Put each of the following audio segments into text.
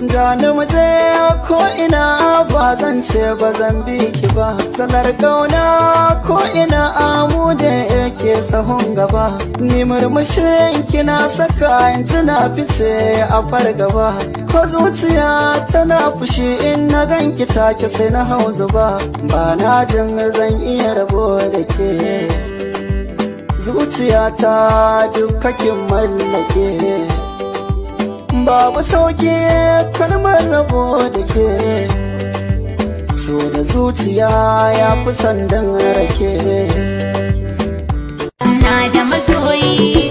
da na muje ko ina ba zan ce ba zan bi ki ba salar gauna ko ina amu da yake sahun gaba ni murmushin na saka in tuna fice a fargaba ko zuciya tana fushi in na ganki take sai na hau zuba ba na jin zan iya rabo da ke zuciyata ta mallake babu sauki kalmar rabo da ke so da zuciya ya fi sandan rake na da masoyi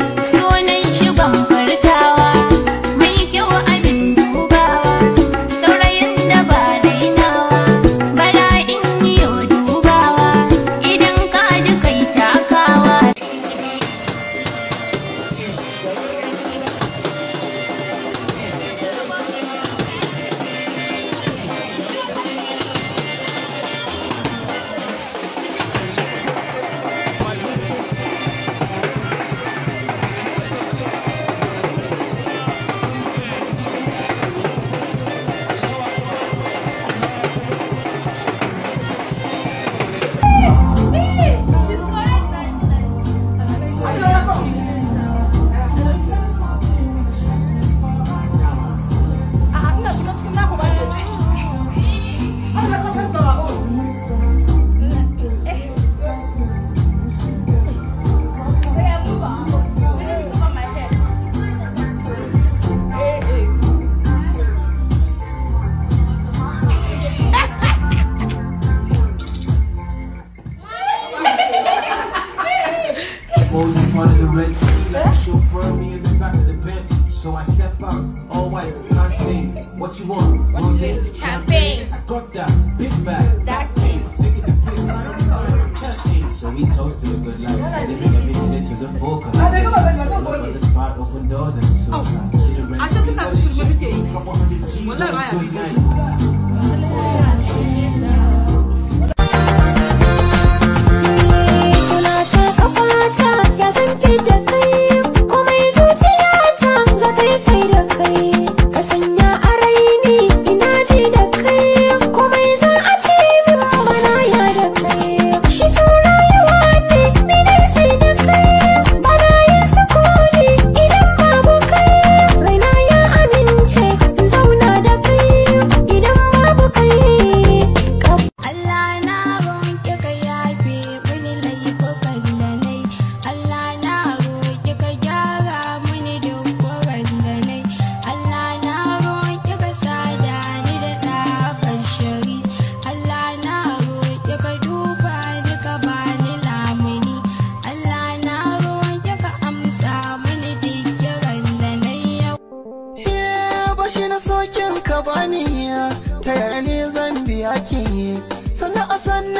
Moses parted the Red Sea like a chauffeur, me in the back of the bed. So I step out, all white, Constantine. What you want? Rose, champagne. I got that big bag. That thing. Taking the piss, like the time, So we toasted a good life, living every minute to the full. I think about the spot, open doors, and suicide. Oh.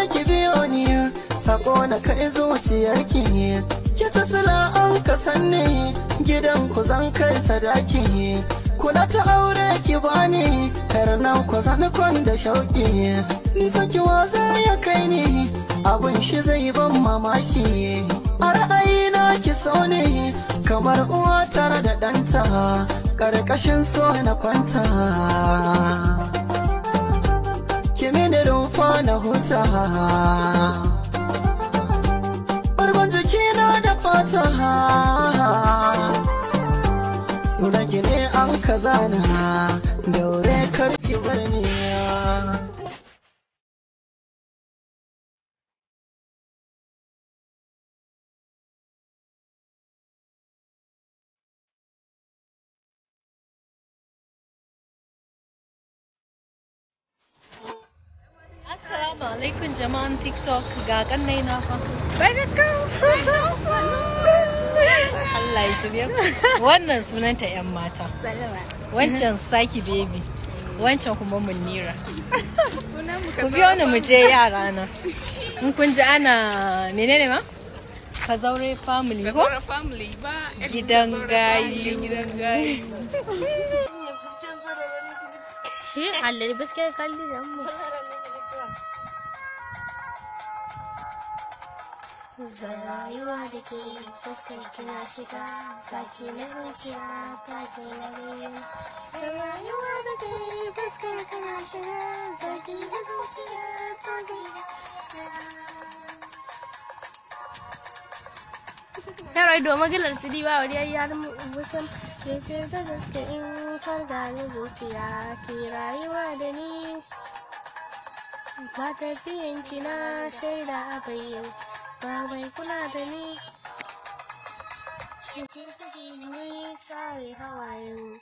ki biyo ni sako na kai zuciyarki ne ki ta sula an ka sanni gidan ku zan kai sadaki kula ta aure ki bani kar nan ku zan kwan da shauki ni saki waza ya kai ni abun shi zai ban mamaki a na ki so ne kamar uwa tare da ɗanta ƙarƙashin so na kwanta kwana huta Bargon jiki na da fata Sunanki ne an kazana daure karki barni Assalamu alaikum jama'an TikTok ga kannai na fa. Barkan. Wannan sunanta 'yan mata. Wancan Saki Baby. Wancan kuma Munira. Ku biyo ni mu je yara na. In ana menene ma? Kazaure family Gidan gayu. Zarayuwa da ke fuskar kina shiga zaki na zuciya taki na biyu rayuwa da ke fuskar kana shiga zaki na zuciya ta na Yara ido magalar fili ba wani yayi har musan ke ce ta gaske in farga na zuciya ke rayuwa da ni ba tafiyanci na shaida a bayyana ba mai kula da ni Cikin kuɗi ne tsare hawaye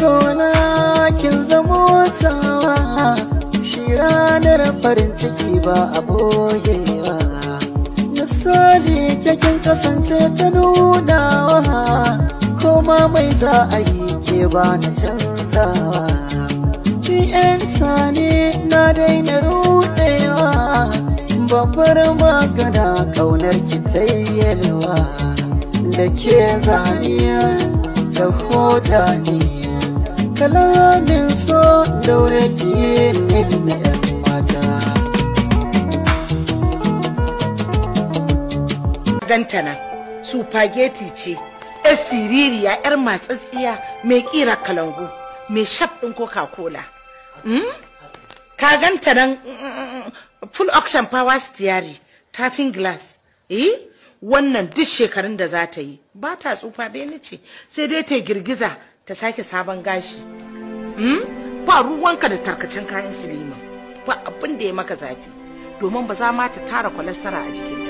sona kin zamo tawa shi ranar farin ciki ba a na misali kin kasance ta wa koma mai za a yi ke ba na canzawa ki yanta ne na daina rudewa babbar magana kaunar ki tayyelwa da ke zaniya ta hoda ne kalamin so daure tiye na yan mata. Gantana, supageti ce, ‘yar siririya, ‘yar matsatsiya mai ƙira kalangu, mai shaf ɗin Coca-Cola. Hmm? Ka ganta nan full auction power tafin glass, eh? Wannan duk shekarun da za ta yi, ba ta tsufa bene ce, sai dai ta girgiza ta sake sabon gashi hmm? ba ruwanka da tarkacen kayan silima ba abin da ya maka zafi domin ba za ma ta tara kwalastara a jikin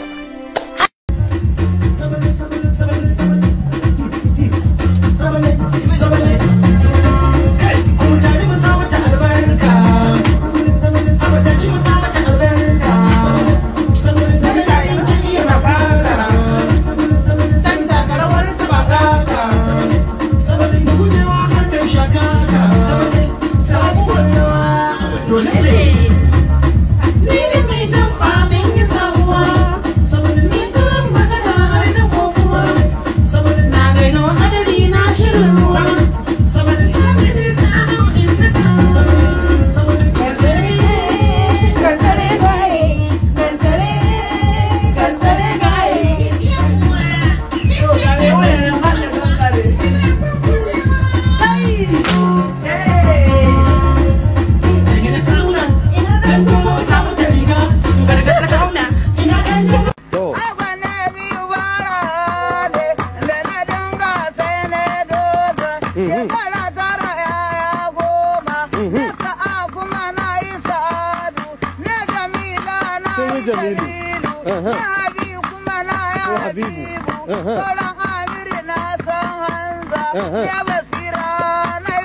ya basira na ya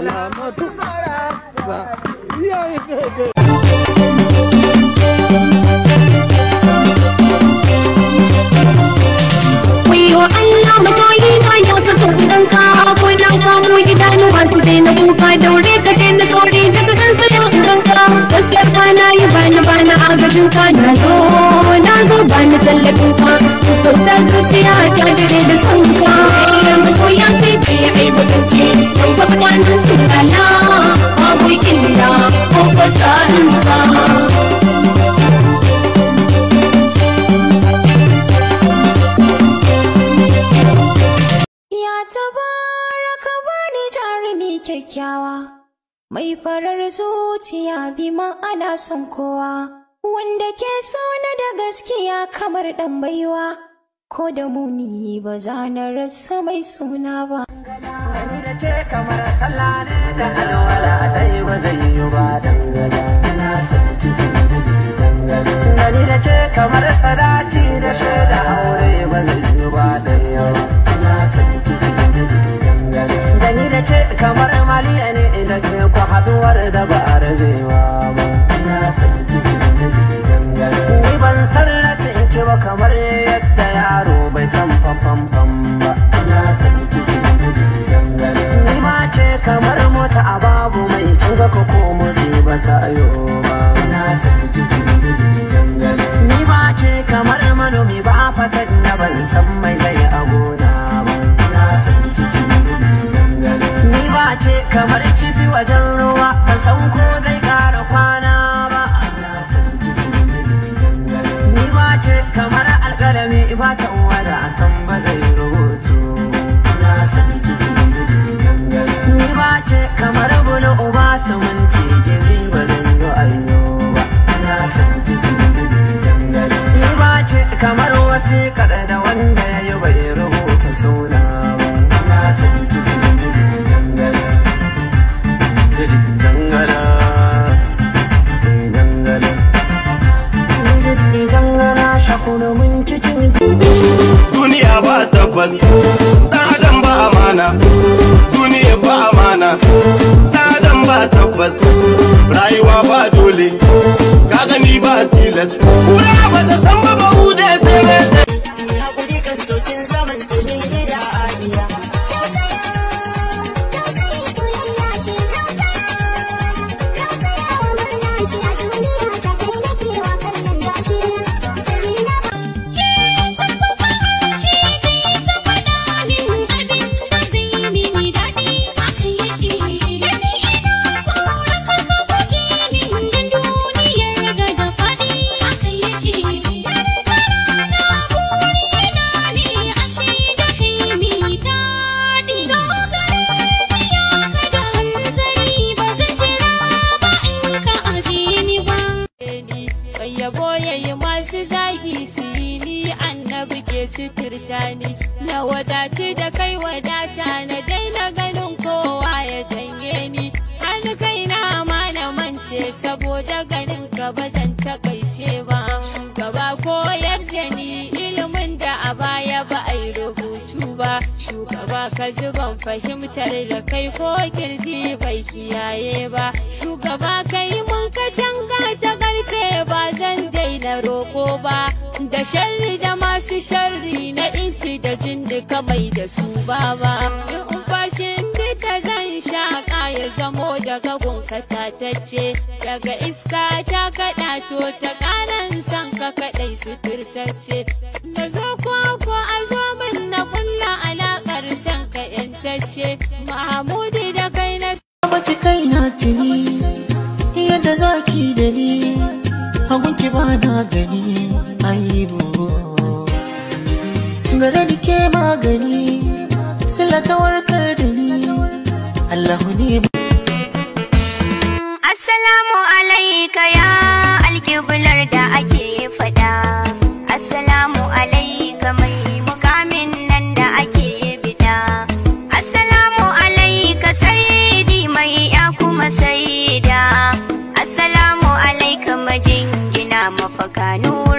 na ka ko na samu idanuwa su dai na kuka daure ka daga kan tsayin kanka ka na yi bana bana a gabin zo na zo bana tallafin zuciya ta dare da son wanda ke so na da gaskiya kamar ɗan baiwa ko da muni ba za na rasa mai suna ba Gani da kamar sallah ne da alwala dai ba zai yi ba dangana ina son cikin dangana gani da ce kamar sadaci da shaida aure ba zai yi ba dan yawa ina son cikin dangana gani da ce kamar maliya ne da ke kwa haduwar da ba a rabewa ba bai san famfamfam ba ina sani cikin gudu dangane ni ma ce kamar mota a babu mai kinga ko ko motsi ba ta ayo ba ina sani cikin gudu dangane ni ma ce kamar manomi ba fatan da ban san mai zai a gona ba ina sani cikin dangane ni ma ce kamar kifi wajen ruwa ban san ko zai kara kwana ba ina sani cikin dangane ni ba ce kamar alƙalami ba ta Come on. takaice ba shugaba koyar da ni ilimin da a baya ba a yi rubutu ba shugaba ka zuban fahimtar da kai ko kirji bai kiyaye ba shugaba ka yi mun katanga ta garke ba zan daina roko ba da sharri da masu sharri na isi da jin mai da su ba ba shimfiɗa zan shaƙa ya zamo daga gunka tatacce daga iska ta kaɗa to ta ƙaran san ka kaɗai suturtacce da zo koko a zo min na ƙulla alaƙar san ka ‘yantacce mahamudi da kai na Baci kai na tuni yadda za ki da ni ki ba na gani ayibu gare da ke magani sila ta warkar da Allah ni Assalamu alaika ya alkiblar da ake fada Assalamu alaika mai mukamin nan da ake bida Assalamu alaika saidi mai ya kuma saida Assalamu alaika majingina mafakanu